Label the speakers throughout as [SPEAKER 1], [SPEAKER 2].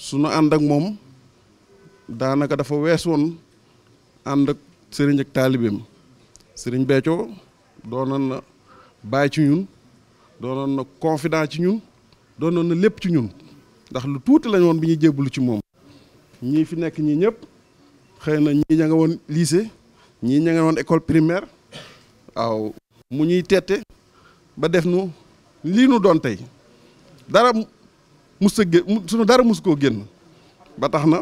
[SPEAKER 1] sunu ànd ak moom daanaka dafa wees woon ànd ak sëriñ ak taalibeem sëriñ Béthio doonoon na baay ci ñun doonoon na confident ci ñun doonoon na lépp ci ñun ndax lu tuuti lañ woon bi ñuy jébbalu ci moom ñii fi nekk ñii ñëpp xëy na ñii ña nga woon lycée ñii ña woon école primaire waaw mu ñuy tette ba def nu lii nu doon tey dara mus a gé sunu dara mus koo génn ba tax na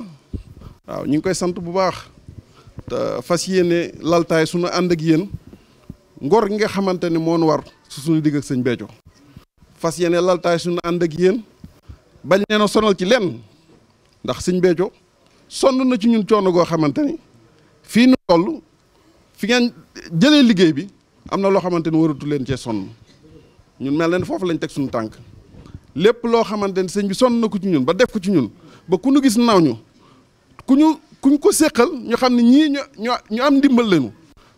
[SPEAKER 1] waaw ñu ngi koy sant bu baax te fas yéene laltaay sunu ànd ak yéen ngor gi nga xamante ne moon war su suñu digg ak sëñ fas yéene laltaay sunu ànd ak yéen bañ leen na sonal ci leen ndax sëñ Béthio sonn na ci ñun coono goo xamante ni fii nu toll fi ngeen jëlee liggéey bi am na loo xamante ni waratu leen cee sonn ñun mel leen foofu lañ teg suñu tànk lépp loo xamante ni sëñ bi sonn na ko ci ñun ba def ko ci ñun ba ku ñu gis naaw ñu ku ñu kuñ ko séqal ñu xam ne ñii ñu ñu am ndimbal lañu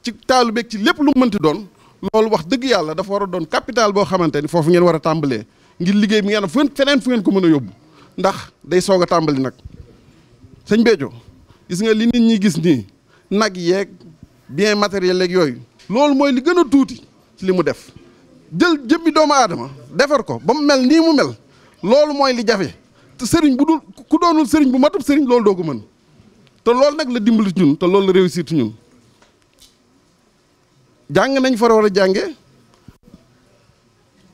[SPEAKER 1] ci taalu beeg ci lépp lu mënti doon loolu wax dëgg yàlla dafa war a doon capital boo xamante ni foofu ngeen war a tàmbalee ngir liggéey bi ngeen fu feneen fu ngeen ko mën a yóbbu ndax day soog a tàmbali nag sëñ Béthio gis nga li nit ñi gis nii nag yeeg bien matériel yeeg yooyu loolu mooy li gën a tuuti li mu def jël jëmmi doomu aadama defar ko ba mu mel nii mu mel loolu mooy li jafe te sëriñ bu dul ku doonul sëriñ bu matub sëriñ loolu doo ko mën te loolu nag la dimbali ñun te loolu la réussir ñun jàng nañ fa war a jànge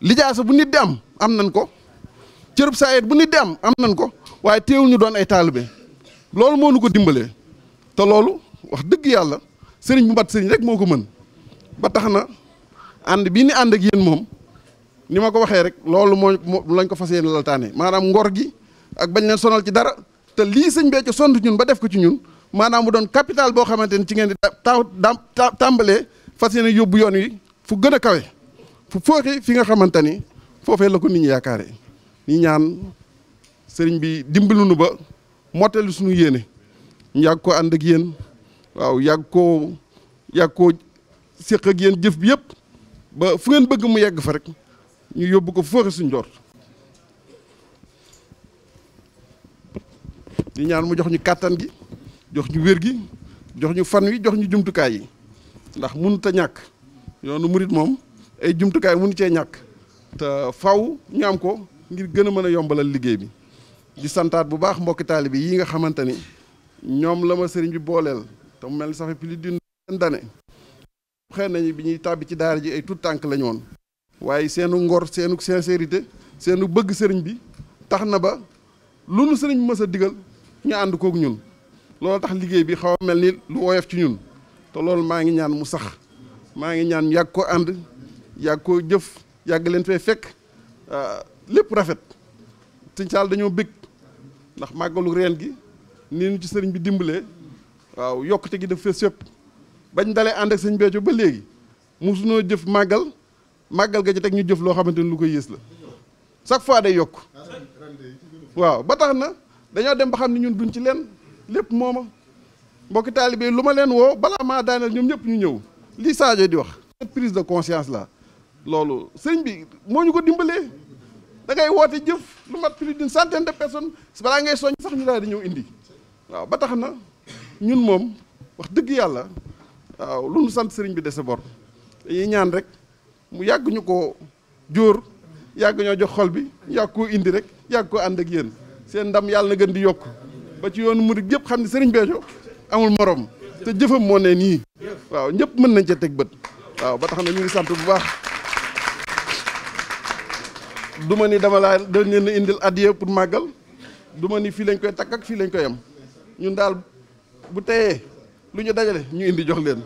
[SPEAKER 1] lijaasa bu nit di am am nañ ko cërub saayet bu nit di am am nañ ko waaye teewul ñu doon ay taalibe loolu moo nu ko dimbalee te loolu wax dëgg yàlla sëriñ bu mat sëriñ rek moo ko mën ba tax na ànd bii ni ànd ak yéen moom ni ma ko waxee rek loolu moo lañ ko fas yéene laltaane maanaam ngor gi ak bañ leen sonal ci dara te lii sëñ bee ci sont ñun ba def ko ci ñun maanaam mu doon capital boo xamante ni ci ngeen di taw tàmbalee fas yéene yóbbu yoon wi fu gën a kawe fu fooxe fi nga xamante ni foofee la ko nit ñi yaakaare ñi ñaan sëriñ bi nu ba mottali suñu yéene ñu yàgg koo ànd ak yéen waaw yàgg koo yàgg koo séq ak yéen jëf bi yëpp ba fu ngeen bëgg mu yegg fa rek ñu yóbbu ko foo suñ door di ñaan mu jox ñu kàttan gi jox ñu wér gi jox ñu fan wi jox ñu jumtukaay yi ndax mënut a ñàkk yoonu murit moom ay jumtukaay mënu cee ñàkk te faw ñaam ko ngir gën a mën a yombalal liggéey bi di santaat bu baax mbokki taalibe yi nga xamante ni ñoom la ma sëriñ bi booleel te mu mel ni ça fait plus d'une xëy nañu bi ñuy tàbbi ci daara ji ay tout tànk la woon waaye seenu ngor seenu sincérité seenu bëgg sëriñ bi tax na ba lu nu sëriñ bi mës a digal ñu ànd kook ñun loolu tax liggéey bi xaw a mel ni lu woyof ci ñun te loolu maa ngi ñaan mu sax maa ngi ñaan yàgg koo ànd yàgg koo jëf yàgg leen fee fekk euh, lépp rafet sëñ Saal dañoo bég ndax màggalu reen gi nii nu ci sëriñ bi dimbalee waaw yokkute gi daf fees sëpp bañ dalee ànd ak sëñ Béthio ba léegi mosunoo jëf màggal màggal ga ci teg ñu jëf loo xamante ni lu ko yées la chaque fois day yokk waaw ba tax na dañoo dem ba xam ne ñun duñ ci leen lépp mooma mbokki taalibe lu ma leen woo balaa maa daaneel ñoom ñëpp ñu ñëw lii Sadio di wax prise de conscience la loolu sëñ bi moo ñu ko dimbalee da ngay woote jëf lu mat plus d'une centaine de personnes balaa ngay soññ sax ñu daal di ñëw indi waaw ba tax na ñun moom wax dëgg yàlla waaw lu nu sant sëriñ bi dese bor dañuy ñaan rek mu yàgg ñu ko jóor yàgg ñoo jox xol bi yàgg koo indi rek yàgg koo ànd ak yéen seen ndam yàlla na gën di yokk ba ci yoonu mu murid yëpp xam ne sëriñ Béthio amul moroom te jëfam moo ne nii waaw ñëpp mën nañ ca teg bët waaw ba tax na ñu ngi sant bu baax du ma ni dama laa da leen indil addiya pour màggal du ma ni fii lañ koy takk ak fii lañ koy am ñun daal bu teyee lu ñu dajale ñu indi jox leen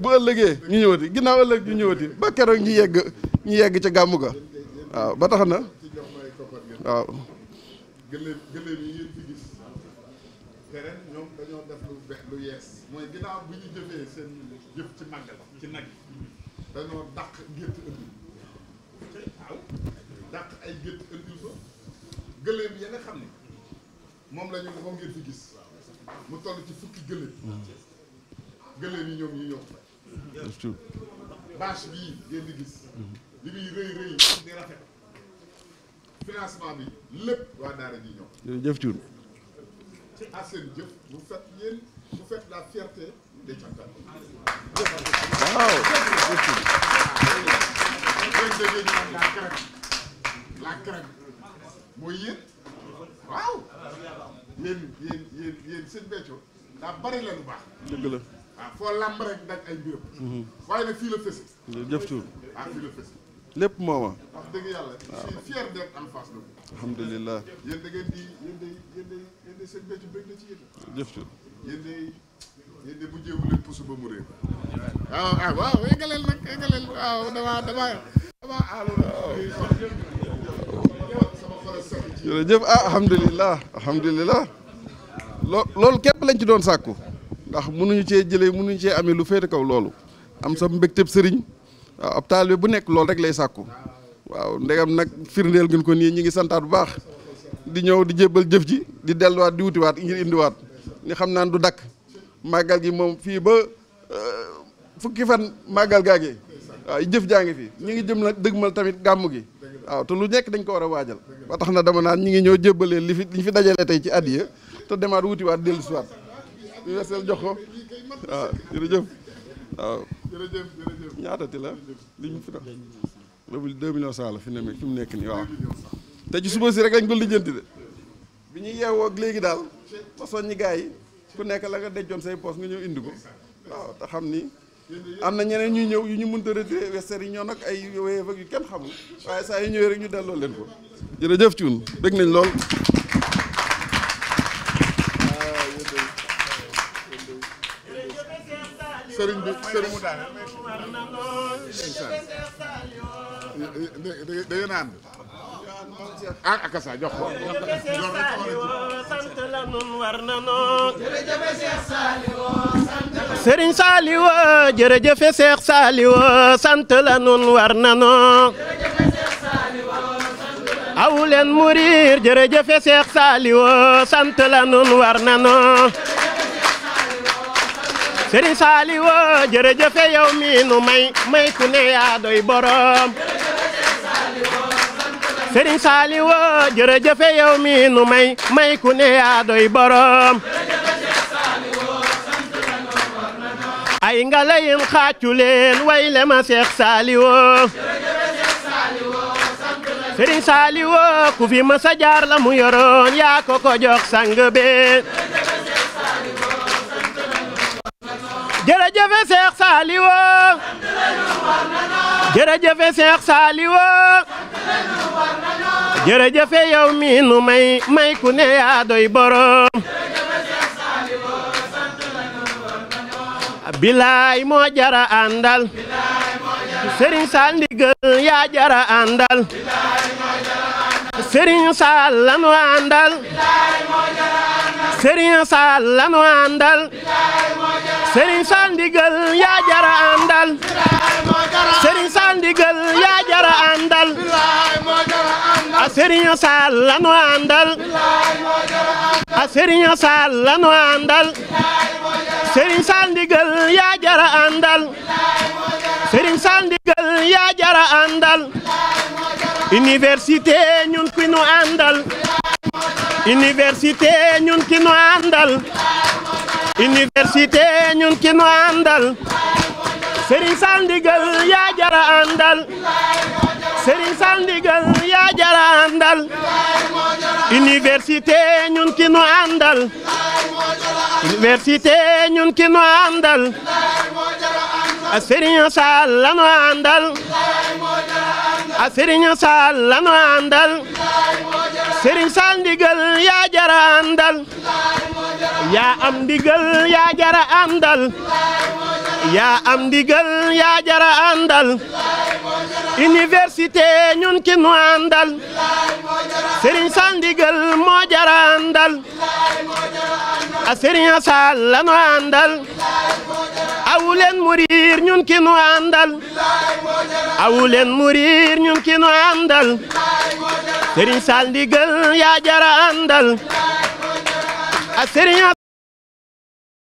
[SPEAKER 1] bu ëllëgee ñu ñëwati ginnaaw ëllëg ñu ñëwati ba keroog ñu yegg ñu yegg ci gàmmu ga waaw ba tax na waaw. gëléem dañoo def lu bex mooy ginnaaw bu seen ci màggal ci nag la ñu moom ngeen ci fukki gëléem gëléem yi ñoom ñu ñëw faj bâche bii di gis li muy rëy rëy rafet financement bi lépp waa daara ñi ñëw jërëjëf Thioune à seen jëf bu fekk yéen bu fekk la fierté des Thiamkar waaw dén déggee la CREC la CREC mooy yéen waaw yéen yéen yéen seen becco daa bari la lu baax waaw ah, foo làmb mhm. waaye nag jëf tuur ah, lépp mooma wax yàlla je suis fier d'être en face de vous alhamdulilah yéen jëf tuur ah, ah waaw eggaleel nag loolu képp lañ ci doon sàkku ndax mënuñu cee jëlee mënuñu cee amee lu féete kaw loolu am sa mbégteb sëriñ waaw ab taalibe bu nekk loolu rek lay sàkku waaw ndegam nag firndeel ngeen ko nii ñu ngi santaat bu baax di ñëw di jébbal jëf ji di delluwaat di wutiwaat ngir indiwaat ni xam naan du dakk màggal gi moom fii ba euh, fukki fan gaa gaagee waaw jëf jaa ngi fi ñu ngi jëm la dëgmal tamit gàmm gi waaw te lu nekk dañ ko war a waajal ba tax na dama naan ñi ngi ñëw jébbalee li fi li fi dajalee tey ci àddiya te demaat wutiwaat dellusiwaat ñu weseel jox ko waaw ah, jërëjëf waaw ah. ñaatati la li ñu fi dox boobu deux millions cent la fi mu nekk nii waaw te ci suba si rek lañ ko lijjanti de bi ñuy yeewoo ak léegi daal ba soññi gaa yi ku nekk la nga dencoon say poos nga ñëw indi ko waaw te xam ni am na ñeneen ñuy ñëw yu ñu mënta retiré wester yi ñoo nag ay wéyeef ak yu kenn xamul waaye saa yi ñëwee rek ñu delloo leen ko jërëjëf Thioune dégg nañ lool sëriñ bi sëriñ da da ngeen
[SPEAKER 2] la nun war na noo jërëjëfe Seex Saaliwo sëriñ la nun war sëriñ Saaliw jërëjëf yow mi nu may may ku ne yaa doy borom sëriñ Saaliw jërëjëf yow mi nu may may ku ne yaa doy borom ay nga layin xaacu way le ma Seex sëriñ Saaliw ku fi ma sa la mu yoroon yaa ko ko jox sang jërëjëf Cheikh Saliou jërëjëf Cheikh Saliou jërëjëf nu may ku ne yaa doy borom bilaay moo jara àndal Serigne Sall ndigal yaa jara àndal Serigne Sall lanu àndal Serigne Sall lanu àndal Serigne Sall ndigal yaa jara àndal Serigne Sall ndigal yaa jara àndal a Serigne Sall lanu àndal a Serigne Sall lanu àndal Serigne Sall ndigal yaa jara àndal université ñun ki nu àndal université ñun ki nu àndal université ñun ki nu àndal Serigne Sall ndigal yaa jara àndal Serigne Sall ndigal yaa jara àndal université ñun ki nu àndal université ñun ki nu àndal Serigne Sall la nu àndal a Serigne Sall lanu àndal Serigne Sall ndigal yaa jara àndal yaa am ndigal yaa jara àndal yaa am ndigal yaa jara àndal université ñun ki nu àndal Serigne Sall ndigal moo awuleen mu riir ñun ki nu àndal awuleen mu ñun ki nu àndal sëriñ Sall yaa jara àndal a sëriñ